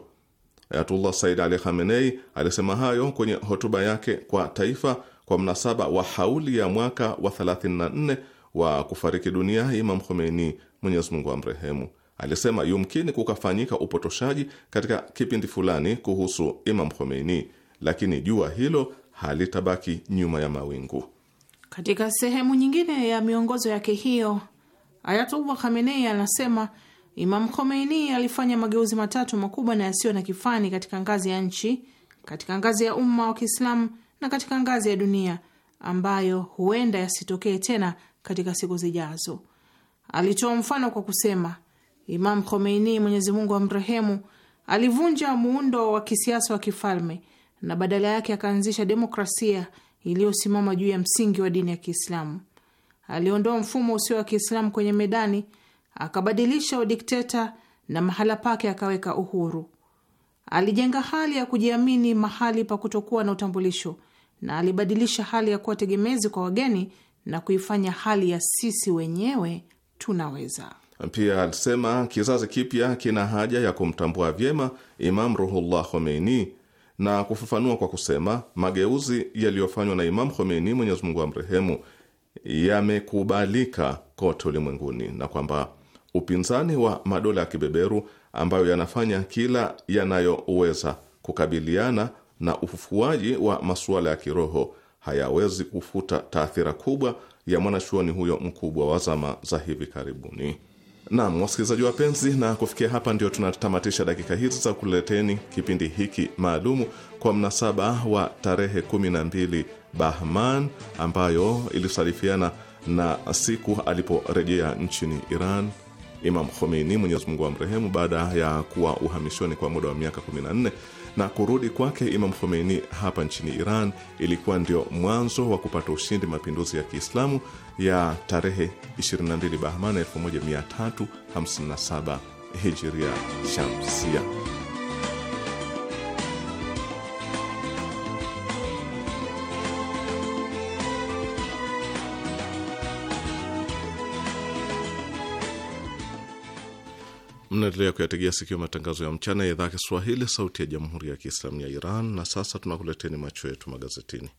Speaker 2: Ayatullah Said Ali Khamenei alisema hayo kwenye hotuba yake kwa taifa kwa mnasaba wa hauli ya mwaka wa 34 wa kufariki dunia Imam Khomeini, Mwenyezi Mungu amrehemu. Alisema yumkini kukafanyika upotoshaji katika kipindi fulani kuhusu Imam Khomeini, lakini jua hilo halitabaki nyuma ya mawingu.
Speaker 3: Katika sehemu nyingine ya miongozo yake hiyo, Ayatullah Khamenei anasema Imam Khomeini alifanya mageuzi matatu makubwa na yasiyo na kifani katika ngazi ya nchi, katika ngazi ya umma wa Kiislamu na katika ngazi ya dunia ambayo huenda yasitokee tena katika siku zijazo. Alitoa mfano kwa kusema, Imam Khomeini, Mwenyezi Mungu amrehemu, alivunja muundo wa kisiasa wa kifalme na badala yake akaanzisha demokrasia iliyosimama juu ya msingi wa dini ya Kiislamu. Aliondoa mfumo usio wa Kiislamu kwenye medani akabadilisha udikteta na mahala pake akaweka uhuru. Alijenga hali ya kujiamini mahali pa kutokuwa na utambulisho, na alibadilisha hali ya kuwa tegemezi kwa wageni na kuifanya hali ya sisi wenyewe tunaweza.
Speaker 2: Pia alisema kizazi kipya kina haja ya kumtambua vyema Imam Ruhullah Khomeini na kufafanua kwa kusema, mageuzi yaliyofanywa na Imam Khomeini, Mwenyezi Mungu amrehemu, yamekubalika kote ulimwenguni na kwamba upinzani wa madola ya kibeberu ambayo yanafanya kila yanayoweza kukabiliana na ufufuaji wa masuala ya kiroho hayawezi kufuta taathira kubwa ya mwanachuoni huyo mkubwa wa zama za hivi karibuni. Naam, wasikilizaji wapenzi, na kufikia hapa ndio tunatamatisha dakika hizi za kuleteni kipindi hiki maalumu kwa mnasaba wa tarehe 12 Bahman ambayo ilisalifiana na siku aliporejea nchini Iran Imam Khomeini, Mwenyezi Mungu amrehemu, baada ya kuwa uhamishoni kwa muda wa miaka 14 na kurudi kwake Imam Khomeini hapa nchini Iran ilikuwa ndio mwanzo wa kupata ushindi mapinduzi ya Kiislamu ya tarehe 22 Bahman 1357 Hijria Shamsia. Mnaendelea kuyategea sikio matangazo ya mchana ya idhaa Kiswahili, sauti ya jamhuri ya kiislamu ya Iran. Na sasa tunakuleteni macho yetu magazetini.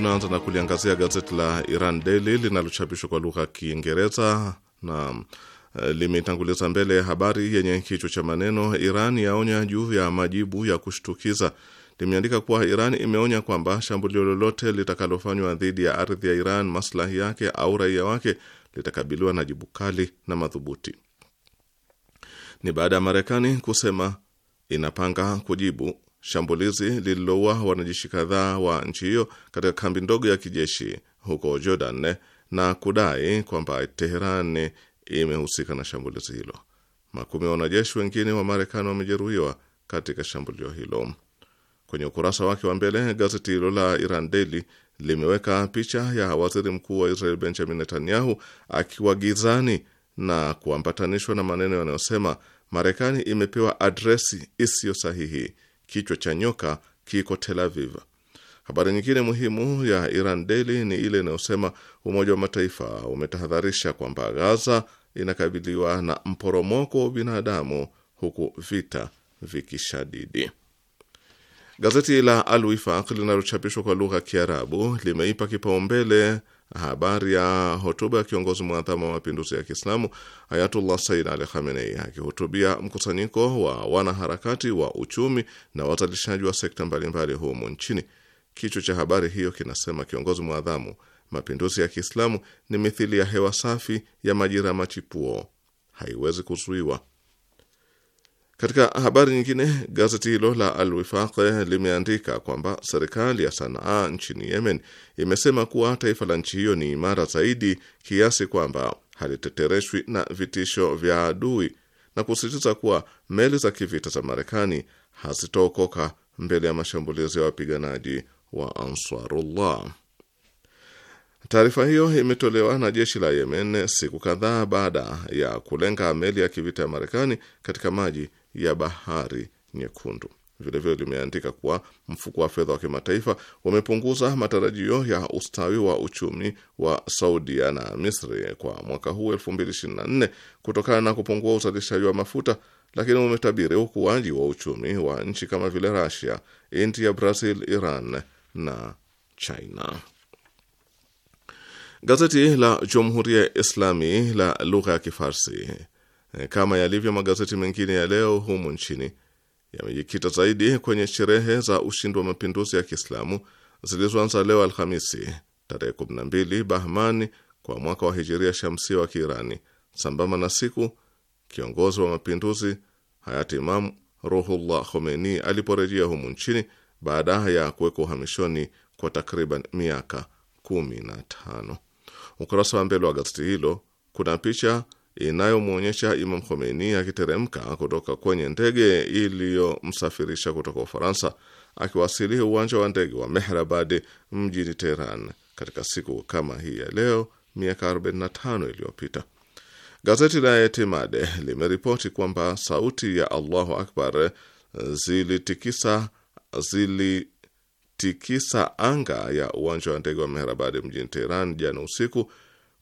Speaker 2: tunaanza na kuliangazia gazeti la Iran Daily linalochapishwa kwa lugha ya Kiingereza na eh, limetanguliza mbele ya habari yenye kichwa cha maneno Iran yaonya juu ya majibu ya kushtukiza. Limeandika kuwa Iran imeonya kwamba shambulio lolote litakalofanywa dhidi ya ardhi ya Iran, maslahi yake au raia wake, litakabiliwa na jibu kali na madhubuti. Ni baada ya Marekani kusema inapanga kujibu shambulizi lililoua wanajeshi kadhaa wa nchi hiyo katika kambi ndogo ya kijeshi huko Jordan na kudai kwamba Teheran imehusika na shambulizi hilo. Makumi ya wanajeshi wengine wa Marekani wamejeruhiwa katika shambulio hilo. Kwenye ukurasa wake wa mbele, gazeti hilo la Iran Daily limeweka picha ya waziri mkuu wa Israel Benjamin Netanyahu akiwa gizani na kuambatanishwa na maneno yanayosema Marekani imepewa adresi isiyo sahihi kichwa cha nyoka kiko Tel Aviv. Habari nyingine muhimu ya Iran Daily ni ile inayosema Umoja wa Mataifa umetahadharisha kwamba Gaza inakabiliwa na mporomoko wa binadamu huku vita vikishadidi. Gazeti la Al Wifaq linalochapishwa kwa lugha ya Kiarabu limeipa kipaumbele habari ya hotuba ya kiongozi mwadhama wa mapinduzi ya Kiislamu Ayatullah Said Ali Khamenei akihutubia mkusanyiko wa wanaharakati wa uchumi na wazalishaji wa sekta mbalimbali humu nchini. Kichwa cha habari hiyo kinasema: kiongozi mwadhamu, mapinduzi ya Kiislamu ni mithili ya hewa safi ya majira ya machipuo, haiwezi kuzuiwa katika habari nyingine, gazeti hilo la Al Wifaq limeandika kwamba serikali ya Sanaa nchini Yemen imesema kuwa taifa la nchi hiyo ni imara zaidi kiasi kwamba halitetereshwi na vitisho vya adui na kusisitiza kuwa meli za kivita za Marekani hazitookoka mbele ya mashambulizi ya wapiganaji wa Ansarullah. Taarifa hiyo imetolewa na jeshi la Yemen siku kadhaa baada ya kulenga meli ya kivita ya Marekani katika maji ya bahari nyekundu. Vilevile limeandika kuwa mfuko wa fedha wa kimataifa umepunguza matarajio ya ustawi wa uchumi wa Saudia na Misri kwa mwaka huu 2024 kutokana na kupungua uzalishaji wa mafuta, lakini umetabiri ukuaji wa uchumi wa nchi kama vile Russia, India, Brazil, Iran na China. Gazeti la Jumhuria Islami la lugha ya Kifarsi Eh, kama yalivyo magazeti mengine ya leo humu nchini, yamejikita zaidi kwenye sherehe za ushindi wa mapinduzi ya Kiislamu zilizoanza leo Alhamisi tarehe 12 Bahmani kwa mwaka wa hijiria shamsia wa Kiirani, sambamba na siku kiongozi wa mapinduzi hayati Imam Ruhullah Khomeini aliporejea humu nchini baada ya kuwekwa uhamishoni kwa takriban miaka 15. Ukurasa wa mbele wa gazeti hilo kuna picha inayomwonyesha Imam Khomeini akiteremka kutoka kwenye ndege iliyomsafirisha kutoka Ufaransa akiwasili uwanja wa ndege wa Mehrabad mjini Teheran katika siku kama hii ya leo miaka 45 iliyopita. Gazeti la Etimade limeripoti kwamba sauti ya Allahu Akbar zilitikisa zilitikisa anga ya uwanja wa ndege wa Mehrabad mjini Teheran jana usiku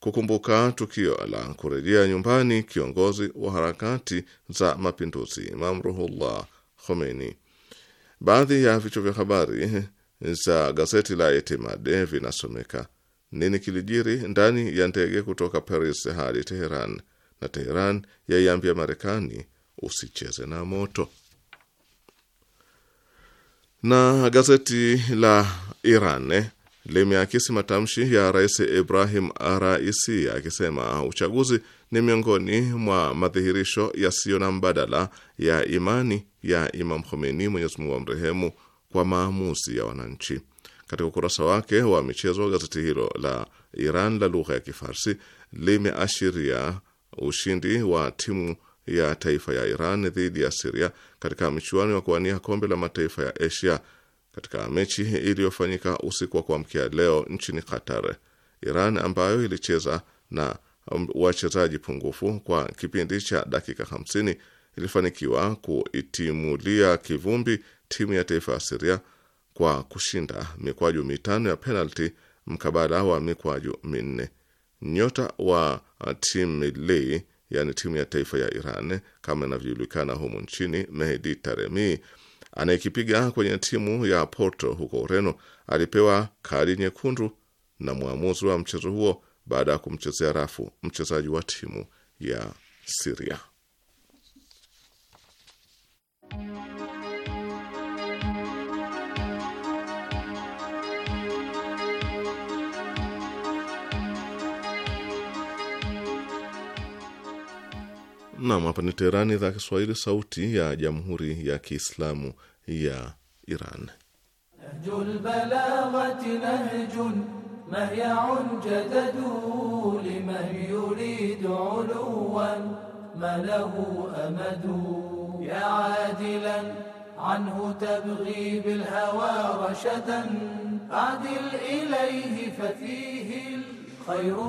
Speaker 2: kukumbuka tukio la kurejea nyumbani kiongozi wa harakati za mapinduzi Imam Ruhullah Khomeini. Baadhi ya vichwa vya habari za gazeti la Etimad vinasomeka nini kilijiri ndani ya ndege kutoka Paris hadi Teheran, na Teheran yaiambia Marekani usicheze na moto, na gazeti la Iran eh, limeakisi matamshi ya Rais Ibrahim Raisi akisema uchaguzi ni miongoni mwa madhihirisho yasiyo na mbadala ya imani ya Imam Khomeini, Mwenyezi Mungu amrehemu, kwa maamuzi ya wananchi. Katika ukurasa wake wa michezo, gazeti hilo la Iran la lugha ya Kifarsi limeashiria ushindi wa timu ya taifa ya Iran dhidi ya Siria katika michuano wa kuwania kombe la mataifa ya Asia katika mechi iliyofanyika usiku wa kuamkia leo nchini Qatar, Iran ambayo ilicheza na um, wachezaji pungufu kwa kipindi cha dakika 50 ilifanikiwa kuitimulia kivumbi timu ya taifa ya Siria kwa kushinda mikwaju mitano ya penalti mkabala wa mikwaju minne. Nyota wa uh, timu milli, yani timu ya taifa ya Iran kama inavyojulikana humu nchini, Mehdi Taremi anayekipiga kwenye timu ya Porto huko Ureno alipewa kadi nyekundu na mwamuzi wa mchezo huo baada ya kumchezea rafu mchezaji wa timu ya Siria. Nam, hapa ni Teherani, idhaa Kiswahili, sauti ya jamhuri ya kiislamu ya Iran.
Speaker 1: Nahju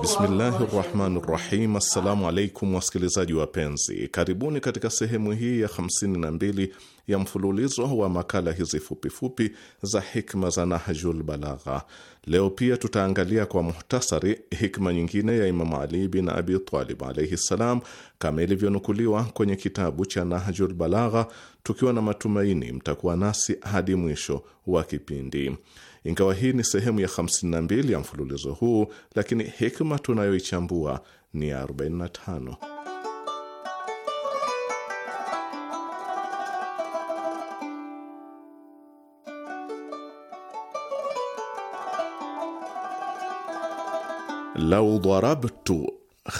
Speaker 1: Bismillahi
Speaker 2: rahmani rahim. Assalamu alaikum wasikilizaji wapenzi, karibuni katika sehemu hii ya 52 ya mfululizo wa makala hizi fupifupi za hikma za Nahjul Balagha. Leo pia tutaangalia kwa muhtasari hikma nyingine ya Imamu Ali bin Abi Talib alaihi ssalam, kama ilivyonukuliwa kwenye kitabu cha Nahjul Balagha, tukiwa na matumaini mtakuwa nasi hadi mwisho wa kipindi. Ingawa hii ni sehemu ya 52 ya mfululizo huu, lakini hikma tunayoichambua ni ya 45. Lau dharabtu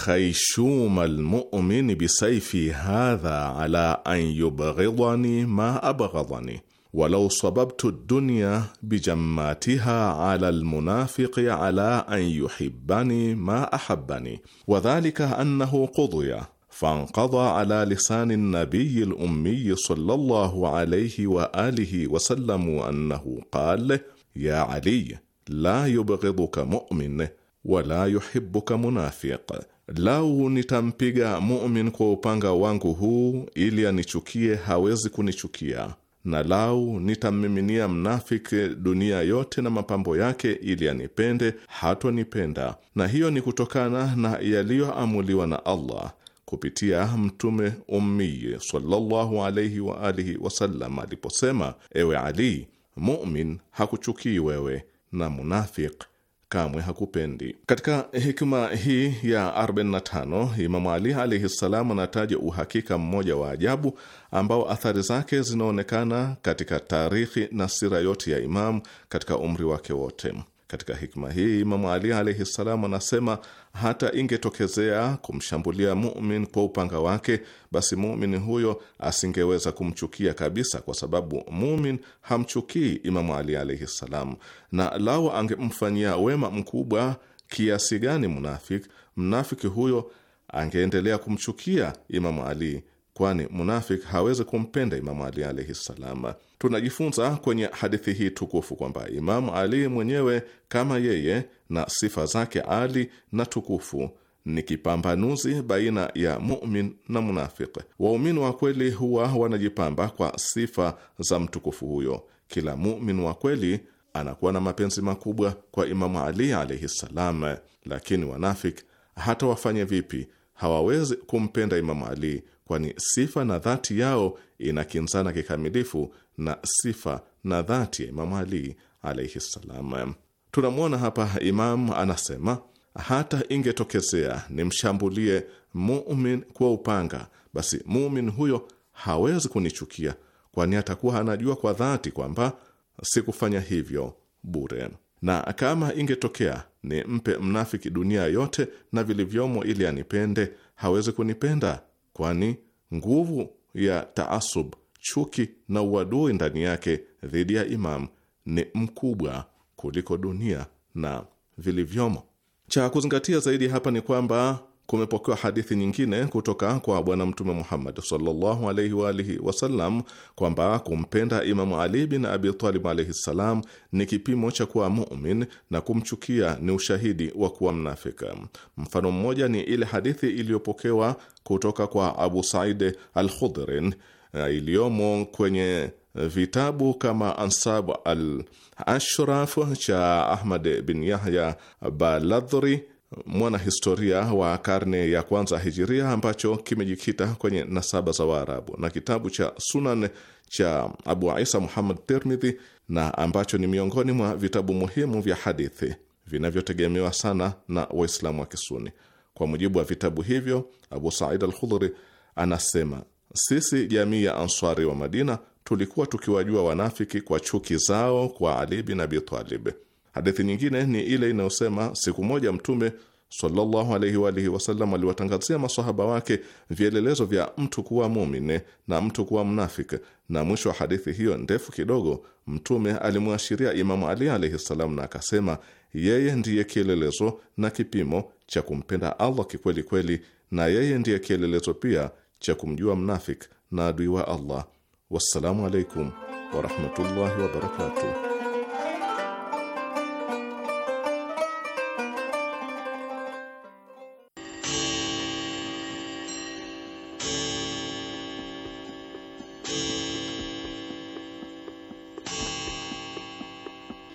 Speaker 2: khayshuma almu'min bisayfi hadha ala an yubghidani ma abghadani walau sababtu dunya bijammatiha ala almunafiqi ala an yuhibbani ma ahabbani wadhalika annahu qudhiya faanqadha ala lisani nabiyi lummiyi sallallahu alayhi wa alihi wasallamu annahu qal ya ali la yubghiduka mumin wala yuhibbuka munafiq Lau nitampiga mumin kwa upanga wangu huu ili anichukie, hawezi kunichukia na lau nitammiminia mnafiki dunia yote na mapambo yake, ili anipende, hatonipenda. Na hiyo ni kutokana na yaliyoamuliwa na Allah kupitia Mtume ummiyi sallallahu wa alihi wasallam aliposema: ewe Ali, mumin hakuchukii wewe na munafik kamwe hakupendi. Katika hikma hii ya 45 Imamu Ali alaihi ssalam anataja uhakika mmoja wa ajabu ambao athari zake zinaonekana katika taarikhi na sira yote ya Imamu katika umri wake wote. Katika hikma hii Imamu Ali alaihi ssalam anasema hata ingetokezea kumshambulia mumin kwa upanga wake, basi mumin huyo asingeweza kumchukia kabisa, kwa sababu mumin hamchukii Imamu Ali alaihi ssalam. Na lawa angemfanyia wema mkubwa kiasi gani mnafik, mnafiki huyo angeendelea kumchukia Imamu Ali kwani munafik hawezi kumpenda Imamu Ali alaihi ssalam. Tunajifunza kwenye hadithi hii tukufu kwamba Imamu Ali mwenyewe kama yeye na sifa zake ali na tukufu ni kipambanuzi baina ya mumin na munafiki. Waumini wa kweli huwa wanajipamba kwa sifa za mtukufu huyo. Kila mumin wa kweli anakuwa na mapenzi makubwa kwa Imamu Ali alaihi ssalam, lakini wanafik hata wafanye vipi hawawezi kumpenda Imamu Ali kwani sifa na dhati yao inakinzana kikamilifu na sifa na dhati ya Imamu Ali alaihi ssalam. Tunamwona hapa Imamu anasema hata ingetokezea nimshambulie mumin kwa upanga, basi mumin huyo hawezi kunichukia, kwani atakuwa anajua kwa dhati kwamba sikufanya hivyo bure. Na kama ingetokea nimpe mnafiki dunia yote na vilivyomo ili anipende, hawezi kunipenda kwani nguvu ya taasub, chuki na uadui ndani yake dhidi ya Imam ni mkubwa kuliko dunia na vilivyomo. Cha kuzingatia zaidi hapa ni kwamba kumepokewa hadithi nyingine kutoka kwa Bwana Mtume Muhammad sallallahu alaihi wa alihi wasallam kwamba kumpenda Imamu Ali bin Abi Talib alaihi ssalam ni kipimo cha kuwa mumin na kumchukia ni ushahidi wa kuwa mnafika. Mfano mmoja ni ile hadithi iliyopokewa kutoka kwa Abu Said al Khudrin eh, iliyomo kwenye vitabu kama Ansab al Ashraf cha Ahmad bin Yahya Baladhri mwanahistoria wa karne ya kwanza hijiria ambacho kimejikita kwenye nasaba za Waarabu na kitabu cha Sunan cha Abu Isa Muhammad Tirmidhi na ambacho ni miongoni mwa vitabu muhimu vya hadithi vinavyotegemewa sana na Waislamu wa Kisuni. Kwa mujibu wa vitabu hivyo, Abu Said al-Khudri anasema, sisi jamii ya Answari wa Madina tulikuwa tukiwajua wanafiki kwa chuki zao kwa Ali bin Abi Talib Hadithi nyingine ni ile inayosema siku moja Mtume sallallahu alaihi wa alihi wasallam aliwatangazia masahaba wake vielelezo vya mtu kuwa mumine na mtu kuwa mnafiki, na mwisho wa hadithi hiyo ndefu kidogo, Mtume alimwashiria Imamu Ali alaihi salam na akasema yeye ndiye kielelezo na kipimo cha kumpenda Allah kikweli kweli, na yeye ndiye kielelezo pia cha kumjua mnafiki na adui wa Allah. Wassalamu alaikum warahmatullahi wabarakatuh.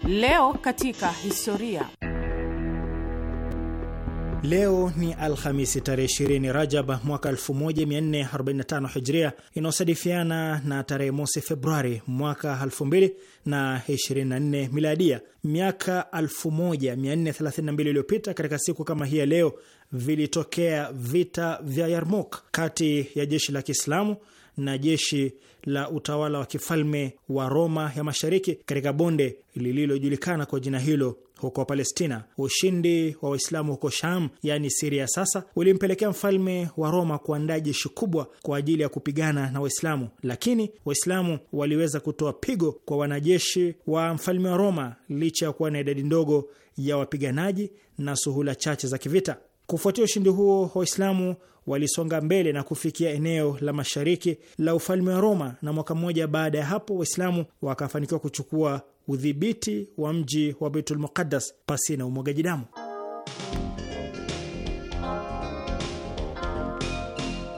Speaker 3: Leo katika historia.
Speaker 4: Leo ni Alhamisi tarehe 20 Rajab mwaka 1445 Hijria, inayosadifiana na tarehe mosi Februari mwaka 2024 Miladia. Miaka 1432 iliyopita katika siku kama hii ya leo vilitokea vita vya Yarmuk kati ya jeshi la Kiislamu na jeshi la utawala wa kifalme wa Roma ya Mashariki katika bonde lililojulikana kwa jina hilo huko Palestina. Ushindi wa Waislamu huko Sham, yaani Siria sasa, ulimpelekea mfalme wa Roma kuandaa jeshi kubwa kwa ajili ya kupigana na Waislamu, lakini Waislamu waliweza kutoa pigo kwa wanajeshi wa mfalme wa Roma licha ya kuwa na idadi ndogo ya wapiganaji na suhula chache za kivita. Kufuatia ushindi huo, Waislamu walisonga mbele na kufikia eneo la mashariki la ufalme wa Roma, na mwaka mmoja baada ya hapo Waislamu wakafanikiwa kuchukua udhibiti wa mji wa Beitul Muqaddas pasi na umwagaji damu.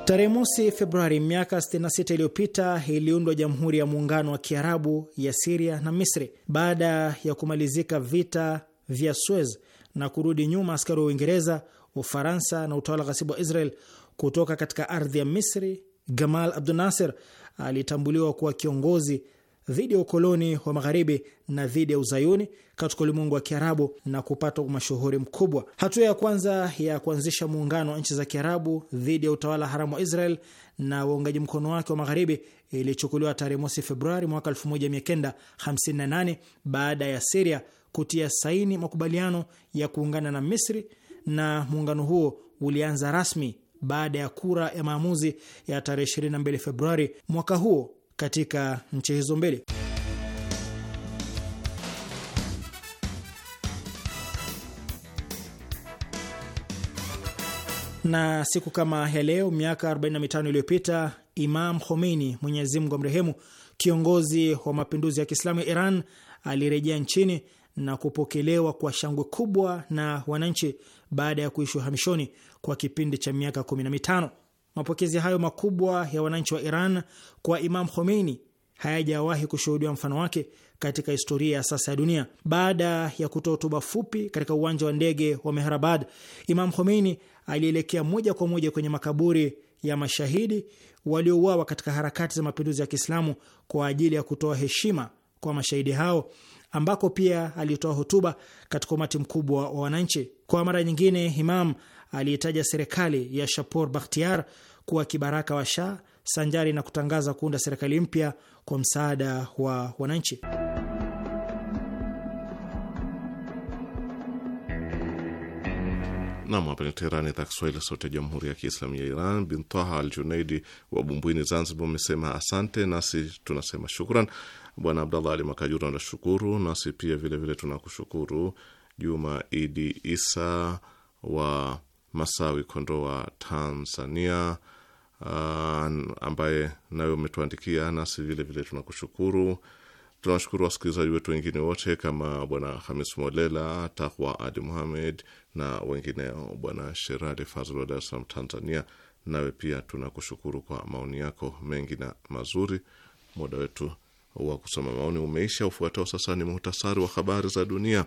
Speaker 4: Tarehe mosi Februari miaka 66 iliyopita iliundwa Jamhuri ya Muungano wa Kiarabu ya Siria na Misri baada ya kumalizika vita vya Suez na kurudi nyuma askari wa Uingereza Ufaransa na utawala ghasibu wa Israel kutoka katika ardhi ya Misri, Gamal Abdunasir alitambuliwa kuwa kiongozi dhidi ya ukoloni wa magharibi na dhidi ya uzayuni katika ulimwengu wa Kiarabu na kupata umashuhuri mkubwa. Hatua ya kwanza ya kuanzisha muungano wa nchi za Kiarabu dhidi ya utawala haramu wa Israel na waungaji mkono wake wa magharibi ilichukuliwa tarehe mosi Februari mwaka 1958 baada ya Siria kutia saini makubaliano ya kuungana na Misri na muungano huo ulianza rasmi baada ya kura ya maamuzi ya tarehe 22 Februari mwaka huo katika nchi hizo mbili. Na siku kama ya leo miaka 45 iliyopita Imam Khomeini, Mwenyezi Mungu amrehemu, kiongozi wa mapinduzi ya Kiislamu ya Iran, alirejea nchini na kupokelewa kwa shangwe kubwa na wananchi baada ya kuishi uhamishoni kwa kipindi cha miaka 15. Mapokezi hayo makubwa ya wananchi wa Iran kwa Imam Khomeini hayajawahi kushuhudiwa mfano wake katika historia ya sasa ya dunia. Baada ya kutoa hotuba fupi katika uwanja wa ndege wa Mehrabad, Imam Khomeini alielekea moja kwa moja kwenye makaburi ya mashahidi waliouawa katika harakati za mapinduzi ya Kiislamu kwa ajili ya kutoa heshima kwa mashahidi hao ambako pia alitoa hotuba katika umati mkubwa wa wananchi. Kwa mara nyingine, Imam aliitaja serikali ya Shapor Bakhtiar kuwa kibaraka wa Shah sanjari na kutangaza kuunda serikali mpya kwa msaada wa wananchi.
Speaker 2: Nam, hapa ni Teherani, idhaa Kiswahili, sauti ya jamhuri ya kiislamu ya Iran. Bintaha Al Juneidi wa Bumbwini, Zanzibar, amesema asante, nasi tunasema shukran. Bwana Abdallah Ali Makajura anashukuru, nasi pia vilevile tunakushukuru. Juma Idi Isa wa Masawi, Kondoa, Tanzania, uh, ambaye nawe umetuandikia, nasi vilevile tunakushukuru. Tunawashukuru wasikilizaji wetu wengine wote kama Bwana Hamis Molela, Tahwa Adi Muhamed na wengineo. Bwana Sherali Fazl wa Dar es Salaam, Tanzania, nawe pia tunakushukuru kwa maoni yako mengi na mazuri. Muda wetu wa kusoma maoni umeisha. Ufuatao sasa ni muhtasari wa habari za dunia.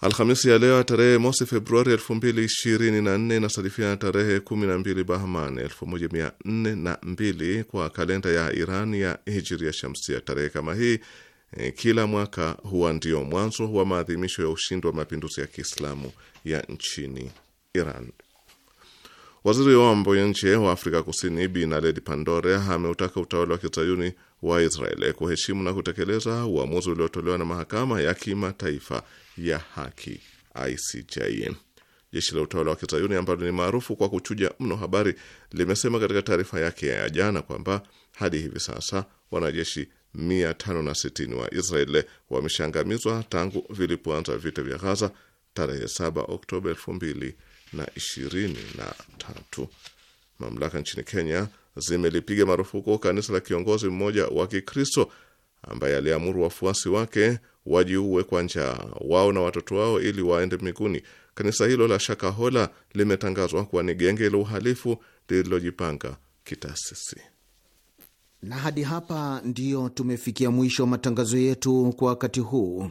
Speaker 2: Alhamisi ya leo tarehe mosi Februari 2024 inasadifiana tarehe 12 Bahman 1402 kwa kalenda ya Iran ya Hijiria Shamsia. Tarehe kama hii e, kila mwaka huwa ndio mwanzo wa maadhimisho ya ushindi wa mapinduzi ya Kiislamu ya nchini Iran. Waziri wa mambo ya nje wa Afrika Kusini Bi Naledi Pandore ameutaka utawala wa kizayuni wa Israel kuheshimu na kutekeleza uamuzi uliotolewa na mahakama ya kimataifa ya haki ICJ. Jeshi la utawala wa kizayuni ambalo ni maarufu kwa kuchuja mno habari limesema katika taarifa yake ya jana kwamba hadi hivi sasa wanajeshi 560 wa Israel wameshangamizwa tangu vilipoanza vita vya Ghaza tarehe 7 Oktoba 2000 na ishirini na tatu. Mamlaka nchini Kenya zimelipiga marufuku kanisa la kiongozi mmoja wa Kikristo ambaye aliamuru wafuasi wake wajiue kwa njaa wao na watoto wao ili waende mbinguni. Kanisa hilo la Shakahola limetangazwa kuwa ni genge la uhalifu lililojipanga kitaasisi.
Speaker 5: Na hadi hapa ndiyo tumefikia mwisho wa matangazo yetu kwa wakati huu.